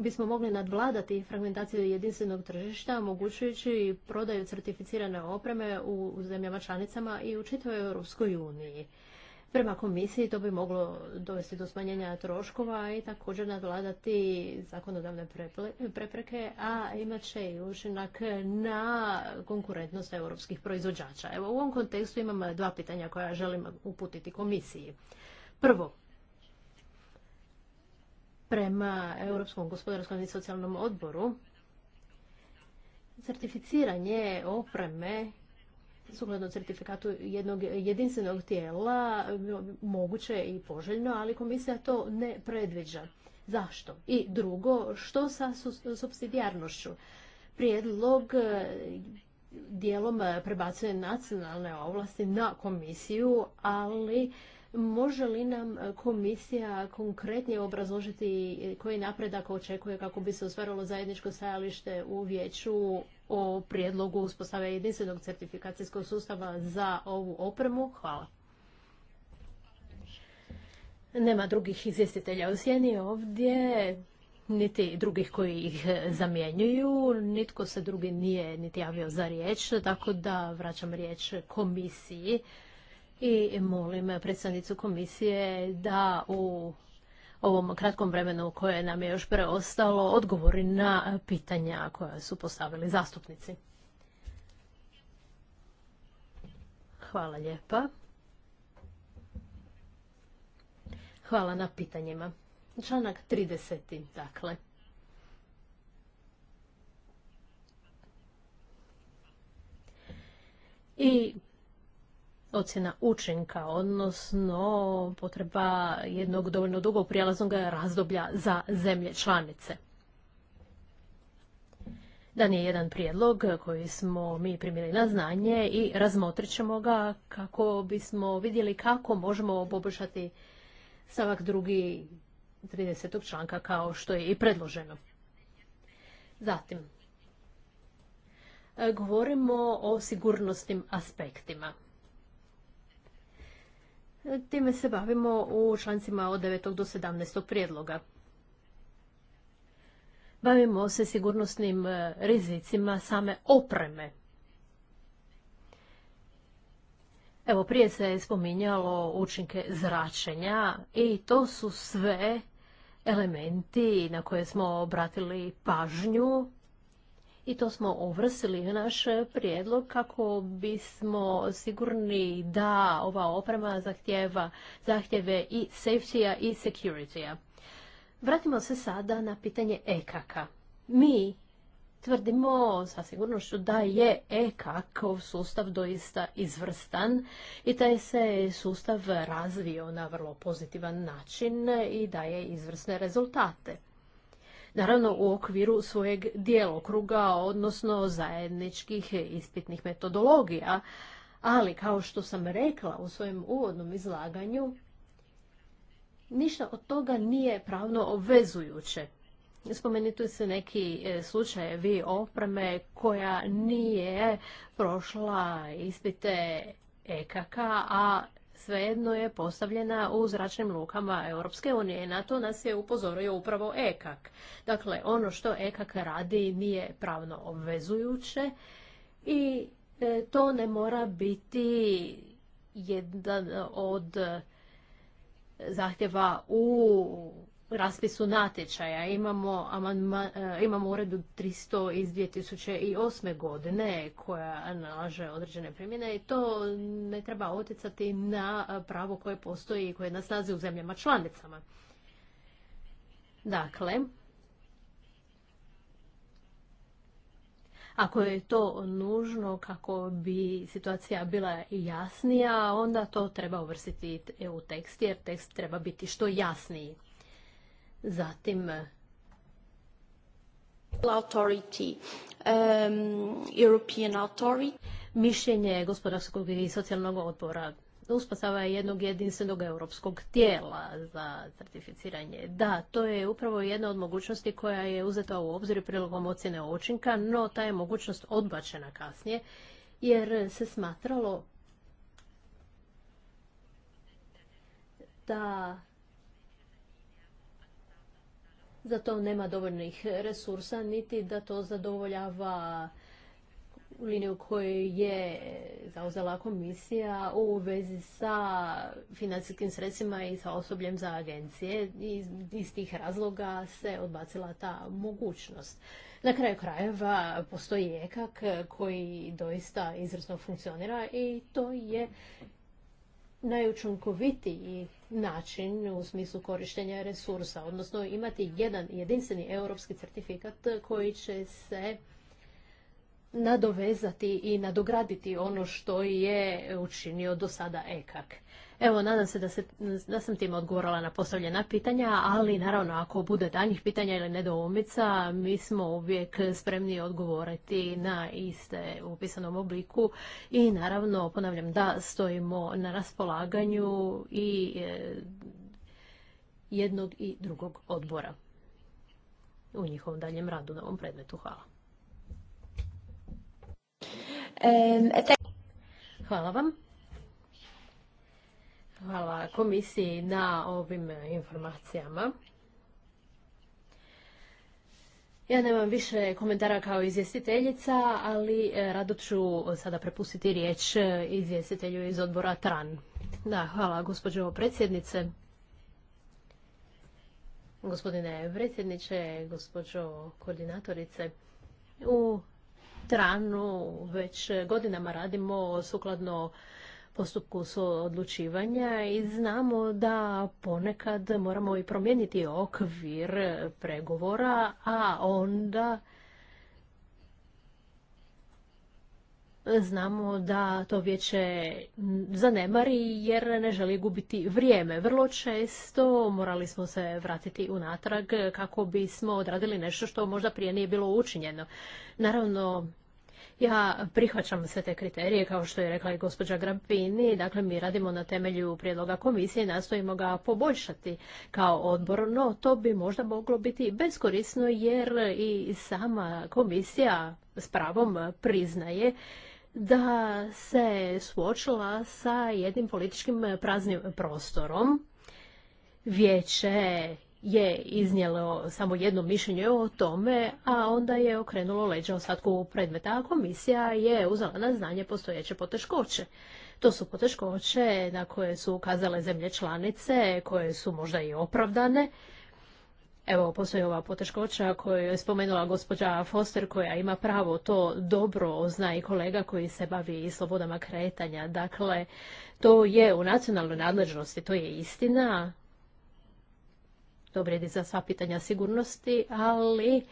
Speaker 3: bismo mogli nadvladati fragmentaciju jedinstvenog tržišta, omogućujući prodaju certificirane opreme u zemljama članicama i u čitavoj Europskoj uniji. Prema komisiji to bi moglo dovesti do smanjenja troškova i također nadvladati zakonodavne prepreke, a imat će i učinak na konkurentnost europskih proizvođača. Evo, u ovom kontekstu imam dva pitanja koja želim uputiti komisiji. Prvo, prema Europskom gospodarskom i socijalnom odboru certificiranje opreme sukladno certifikatu jednog jedinstvenog tijela moguće i poželjno, ali komisija to ne predviđa. Zašto? I drugo, što sa subsidijarnošću? Prijedlog e, dijelom prebacuje nacionalne ovlasti na komisiju, ali Može li nam e, komisija konkretnije obrazložiti koji napredak očekuje kako bi se ostvarilo zajedničko stajalište u vijeću o prijedlogu uspostave jedinstvenog certifikacijskog sustava za ovu opremu? Hvala. Nema drugih izvjestitelja u sjeni ovdje, niti drugih koji ih zamjenjuju. Nitko se drugi nije niti javio za riječ, tako da vraćam riječ komisiji i molim predstavnicu komisije da u ovom kratkom vremenu koje nam je još preostalo odgovori na pitanja koja su postavili zastupnici. Hvala lijepa. Hvala na pitanjima. Članak 30. Dakle. ocjena učinka, odnosno potreba jednog dovoljno dugog prijelaznog razdoblja za zemlje članice. Dan je jedan prijedlog koji smo mi primili na znanje i razmotrit ćemo ga kako bismo vidjeli kako možemo poboljšati stavak drugi 30. članka kao što je i predloženo. Zatim, govorimo o sigurnosnim aspektima. Time se bavimo u člancima od 9. do 17. prijedloga. Bavimo se sigurnosnim e, rizicima same opreme. Evo, prije se je spominjalo učinke zračenja i to su sve elementi na koje smo obratili pažnju i to smo ovrsili naš prijedlog kako bismo sigurni da ova oprema zahtjeva zahtjeve i safety i security-a. Vratimo se sada na pitanje EKK. Mi tvrdimo sa sigurnošću da je EKK sustav doista izvrstan i taj se sustav razvio na vrlo pozitivan način i daje izvrsne rezultate naravno u okviru svojeg djelokruga, odnosno zajedničkih ispitnih metodologija. Ali, kao što sam rekla u svojem uvodnom izlaganju, ništa od toga nije pravno obvezujuće. Spomenuti se neki e, slučajevi opreme koja nije prošla ispite EKK, a svejedno je postavljena u zračnim lukama Europske unije. Na to nas je upozorio upravo EKAK. Dakle, ono što EKAK radi nije pravno obvezujuće i e, to ne mora biti jedan od zahtjeva u raspisu natječaja. Imamo, amanma, e, imamo uredu 300 iz 2008. godine koja nalaže određene primjene i to ne treba oticati na pravo koje postoji i koje nas na u zemljama članicama. Dakle, ako je to nužno kako bi situacija bila jasnija, onda to treba uvrstiti u tekst jer tekst treba biti što jasniji. Zatim eh, authority, um, European authority. Mišljenje gospodarskog i socijalnog odbora uspostava jednog jedinstvenog europskog tijela za certificiranje. Da, to je upravo jedna od mogućnosti koja je uzeta u obzir prilogom ocjene učinka, no ta je mogućnost odbačena kasnije jer se smatralo da za to nema dovoljnih resursa, niti da to zadovoljava liniju koju je zauzela komisija u vezi sa financijskim sredstvima i sa osobljem za agencije. I iz tih razloga se odbacila ta mogućnost. Na kraju krajeva postoji EKAK koji doista izvrsno funkcionira i to je najučinkovitiji način u smislu korištenja resursa, odnosno imati jedan jedinstveni europski certifikat koji će se nadovezati i nadograditi ono što je učinio do sada EKAK. Evo, nadam se da, da sam tim odgovorila na postavljena pitanja, ali naravno ako bude danjih pitanja ili nedoumica, mi smo uvijek spremni odgovoriti na iste u pisanom obliku i naravno, ponavljam, da stojimo na raspolaganju i e, jednog i drugog odbora u njihovom daljem radu na ovom predmetu. Hvala. E, Hvala vam. Hvala komisiji na ovim informacijama. Ja nemam više komentara kao izvjestiteljica, ali e, rado ću sada prepustiti riječ e, izvjestitelju iz odbora TRAN. Da, hvala gospođo predsjednice. Gospodine predsjedniče, gospođo koordinatorice, u TRAN-u već godinama radimo sukladno postupku odlučivanja i znamo da ponekad moramo i promijeniti okvir pregovora, a onda znamo da to vijeće zanemari jer ne želi gubiti vrijeme. Vrlo često morali smo se vratiti unatrag kako bismo odradili nešto što možda prije nije bilo učinjeno. Naravno, ja prihvaćam sve te kriterije, kao što je rekla i gospođa grampini Dakle, mi radimo na temelju prijedloga komisije i nastojimo ga poboljšati kao odbor, no to bi možda moglo biti beskorisno jer i sama komisija s pravom priznaje da se suočila sa jednim političkim praznim prostorom. Vijeće je iznijelo samo jedno mišljenje o tome, a onda je okrenulo leđa ostatku predmeta, a komisija je uzela na znanje postojeće poteškoće. To su poteškoće na koje su ukazale zemlje članice, koje su možda i opravdane. Evo, postoji ova poteškoća koju je spomenula gospođa Foster, koja ima pravo to dobro zna i kolega koji se bavi i slobodama kretanja. Dakle, to je u nacionalnoj nadležnosti, to je istina, to vrijedi za sva pitanja sigurnosti, ali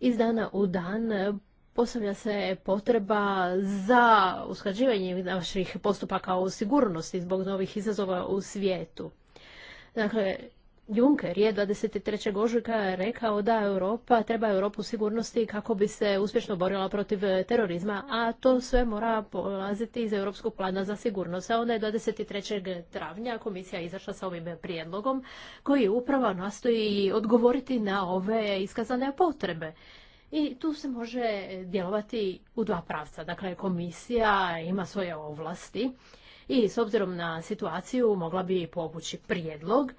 Speaker 3: iz dana u dan postavlja se potreba za usklađivanjem naših postupaka o sigurnosti zbog novih izazova u svijetu. Dakle, Juncker je 23. ožujka rekao da Europa treba Europu sigurnosti kako bi se uspješno borila protiv e, terorizma, a to sve mora polaziti iz Europskog plana za sigurnost. A onda je 23. travnja komisija izašla sa ovim prijedlogom koji upravo nastoji odgovoriti na ove iskazane potrebe. I tu se može djelovati u dva pravca. Dakle, komisija ima svoje ovlasti i s obzirom na situaciju mogla bi povući prijedlog,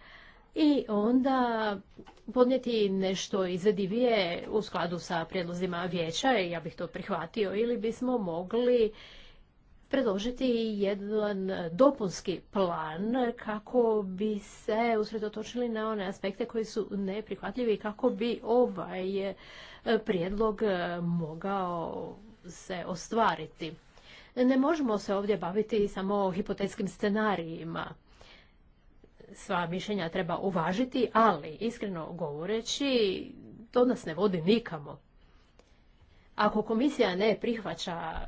Speaker 3: i onda podnijeti nešto izvedivije u skladu sa prijedlozima vijeća, ja bih to prihvatio, ili bismo mogli predložiti jedan dopunski plan kako bi se usredotočili na one aspekte koji su neprihvatljivi i kako bi ovaj prijedlog mogao se ostvariti. Ne možemo se ovdje baviti samo hipotetskim scenarijima sva mišljenja treba uvažiti, ali iskreno govoreći, to nas ne vodi nikamo. Ako komisija ne prihvaća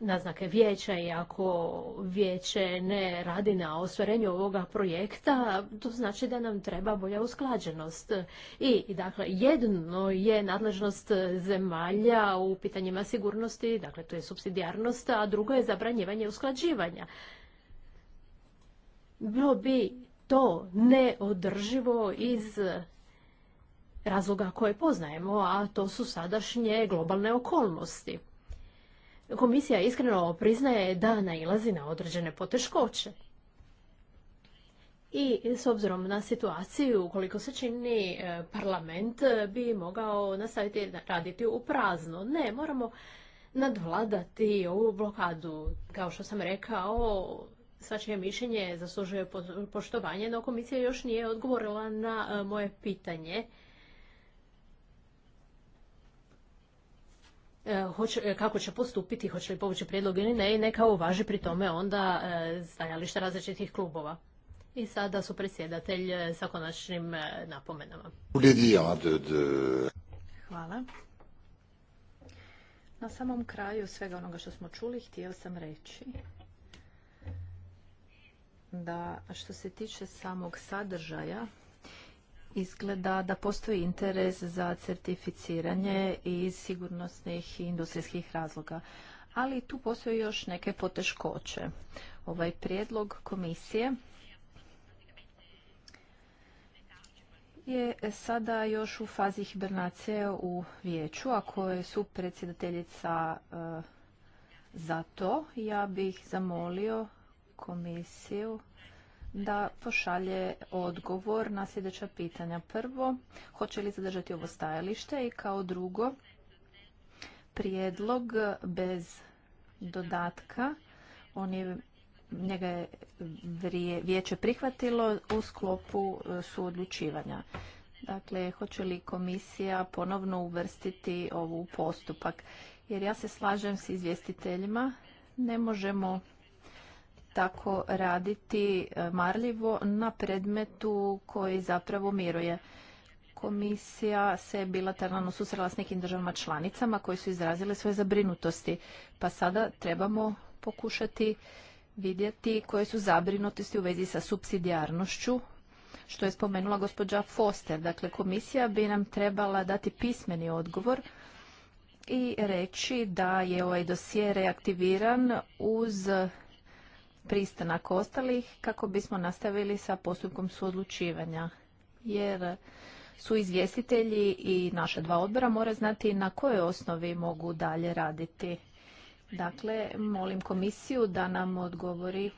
Speaker 3: naznake vijeća i ako vijeće ne radi na ostvarenju ovoga projekta, to znači da nam treba bolja usklađenost. I, dakle, jedno je nadležnost zemalja u pitanjima sigurnosti, dakle, to je subsidijarnost, a drugo je zabranjivanje usklađivanja bilo bi to neodrživo iz razloga koje poznajemo, a to su sadašnje globalne okolnosti. Komisija iskreno priznaje da nailazi na određene poteškoće. I s obzirom na situaciju, ukoliko se čini e, parlament e, bi mogao nastaviti raditi u prazno. Ne, moramo nadvladati ovu blokadu. Kao što sam rekao, svačije mišljenje zaslužuje poštovanje, no komisija još nije odgovorila na e, moje pitanje. E, e, kako će postupiti, hoće li povući prijedlog ili ne neka uvaži pri tome onda stajališta različitih klubova. I sada su predsjedatelj sa konačnim napomenama. Hvala.
Speaker 1: Na samom kraju svega onoga što smo čuli htio sam reći da što se tiče samog sadržaja izgleda da postoji interes za certificiranje iz sigurnosnih i industrijskih razloga. Ali tu postoji još neke poteškoće. Ovaj prijedlog komisije je sada još u fazi hibernacije u vijeću, a koje su predsjedateljica e, za to. Ja bih zamolio komisiju da pošalje odgovor na sljedeća pitanja. Prvo, hoće li zadržati ovo stajalište i kao drugo, prijedlog bez dodatka, on njega je vijeće prihvatilo u sklopu e, suodlučivanja. Dakle, hoće li komisija ponovno uvrstiti ovu postupak? Jer ja se slažem s izvjestiteljima, ne možemo tako raditi e, marljivo na predmetu koji zapravo miruje. Komisija se bilateralno susrela s nekim državama članicama koji su izrazile svoje zabrinutosti, pa sada trebamo pokušati vidjeti koje su zabrinutosti u vezi sa subsidijarnošću, što je spomenula gospođa Foster. Dakle, komisija bi nam trebala dati pismeni odgovor i reći da je ovaj dosije reaktiviran uz pristanak ostalih kako bismo nastavili sa postupkom suodlučivanja. Jer su izvjestitelji i naša dva odbora mora znati na kojoj osnovi mogu dalje raditi. Dakle, molim komisiju da nam odgovori e,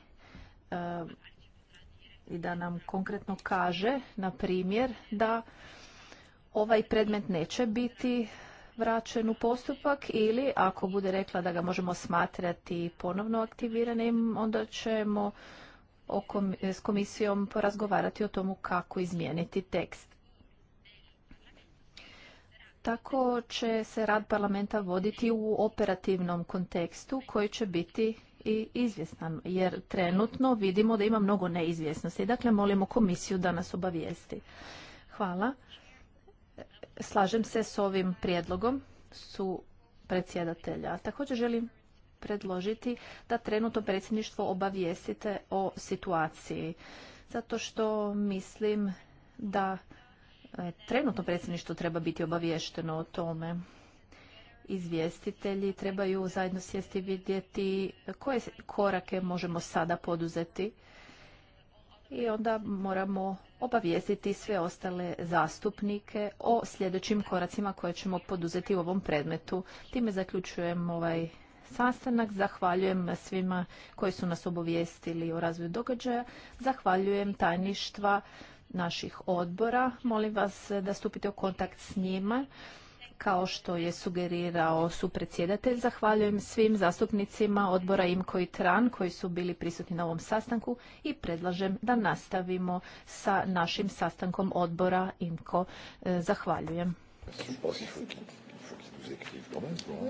Speaker 1: i da nam konkretno kaže, na primjer, da ovaj predmet neće biti vraćen u postupak ili ako bude rekla da ga možemo smatrati ponovno aktiviranim, onda ćemo s komisijom porazgovarati o tomu kako izmijeniti tekst. Tako će se rad parlamenta voditi u operativnom kontekstu koji će biti i izvjestan, jer trenutno vidimo da ima mnogo neizvjesnosti. Dakle, molimo komisiju da nas obavijesti. Hvala slažem se s ovim prijedlogom su predsjedatelja. Također želim predložiti da trenutno predsjedništvo obavijestite o situaciji. Zato što mislim da e, trenutno predsjedništvo treba biti obaviješteno o tome. Izvjestitelji trebaju zajedno sjesti i vidjeti koje korake možemo sada poduzeti i onda moramo obavijestiti sve ostale zastupnike o sljedećim koracima koje ćemo poduzeti u ovom predmetu. Time zaključujem ovaj sastanak. Zahvaljujem svima koji su nas obavijestili o razvoju događaja. Zahvaljujem tajništva naših odbora. Molim vas da stupite u kontakt s njima. Kao što je sugerirao supredsjedatelj, zahvaljujem svim zastupnicima odbora IMKO i TRAN koji su bili prisutni na ovom sastanku i predlažem da nastavimo sa našim sastankom odbora IMKO. E, zahvaljujem.